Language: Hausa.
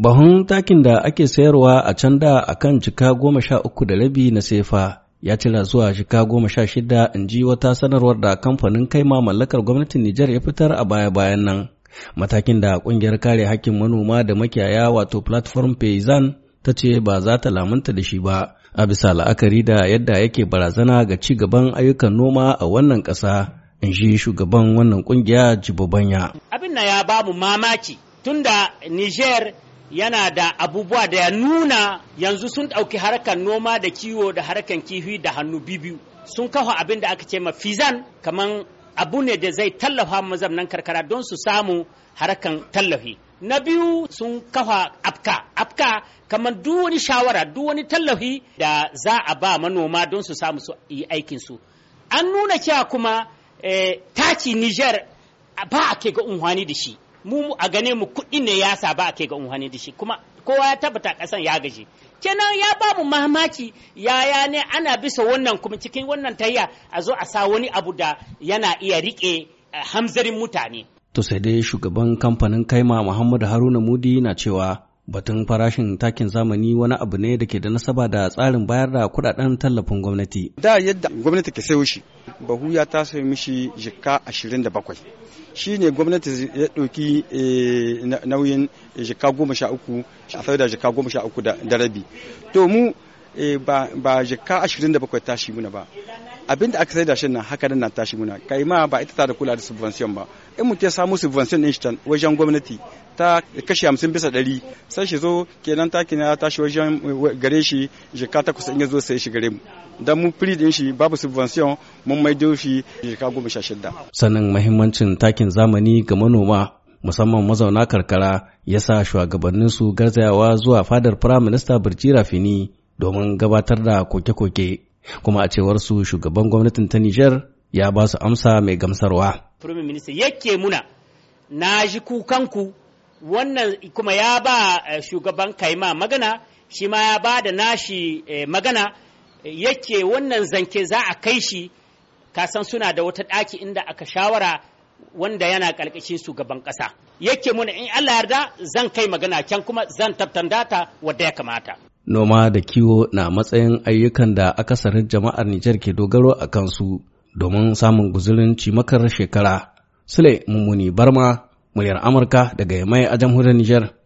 Bahun takin da ake sayarwa a can da a kan jika goma sha uku da rabi na sefa ya cila zuwa jika goma sha shida in ji wata sanarwar da kamfanin kai ma mallakar gwamnatin Nijar ya fitar a baya-bayan nan. Matakin da kungiyar kare hakkin manoma da makiyaya wato platform Payzan ta ce ba za ta lamunta da shi ba, a bisa la'akari da yadda yake barazana ga ci gaban ayyukan noma a wannan ƙasa, in ji shugaban wannan kungiya Jibobanya. Abin na ya bamu mamaki tunda Niger yana da abubuwa da ya nuna yanzu sun ɗauki harkar noma da kiwo da harkar kifi da hannu bibiyu sun kafa abin da aka ce ma fizan kamar abu ne da zai tallafa mazamnan karkara don su samu harkar tallafi na biyu sun kafa afka afka kamar duk shawara duk wani tallafi da za a ba manoma don su samu su yi aikinsu an nuna cewa kuma eh, taki niger ba a ke ga unhwani da shi mu a gane mu kuɗi ne ya sa ba a ke ga unhani da shi kuma kowa ya tabbata ƙasan ya gaji kenan ya ba mu mamaki yaya ne ana bisa wannan kuma cikin wannan tayya a zo a sa wani abu da yana iya riƙe eh, hamzarin mutane to sai dai shugaban kamfanin kaima muhammadu haruna mudi na cewa Batun farashin takin zamani wani abu ne da ke da nasaba da tsarin bayar da kudaden tallafin gwamnati. Da yadda gwamnati ke sayo shi, bahu ya ta sayo mishi jika 27. Shi ne gwamnati ya ɗauki eh, nauyin jika 13 a sayar da jika 13 da rabi. To mu eh, ba jika 27 tashi muna ba. Abinda aka sai da shi nan haka nan tashi muna. Kai ma ba ita ta da kula da subvention ba. in mutum ya samu subvention din shi wajen gwamnati ta kashe hamsin bisa ɗari sai shi zo kenan takin ya tashi wajen eh, gare shi jika ta kusa in ya zo sai shi gare mu dan mu firi din shi babu subvention mun maido shi jika goma sha shida sanin mahimmancin takin zamani ga manoma musamman mazauna karkara ya sa shugabannin su garzayawa zuwa fadar prime minister birji rafini domin gabatar da koke-koke kuma a cewar su shugaban gwamnatin ta nijar ya ba su amsa mai gamsarwa. prime Minista, yake muna na ji kukanku wannan kuma ya ba eh, shugaban kaima magana shi ma ya ba da nashi eh, magana yake wannan zanke za a kai shi kasan suna da wata ɗaki inda aka shawara wanda yana ƙarƙashin shugaban ƙasa yake muna in Allah yarda zan kai magana can kuma zan tattandata wadda ya kamata noma da kiwo na matsayin ayyukan da akasarin jama'ar Nijar ke dogaro a kansu domin samun guzulin cimakar shekara. Sule Mummuni Barma, muryar Amurka daga Yamai a jamhuriyar Nijar.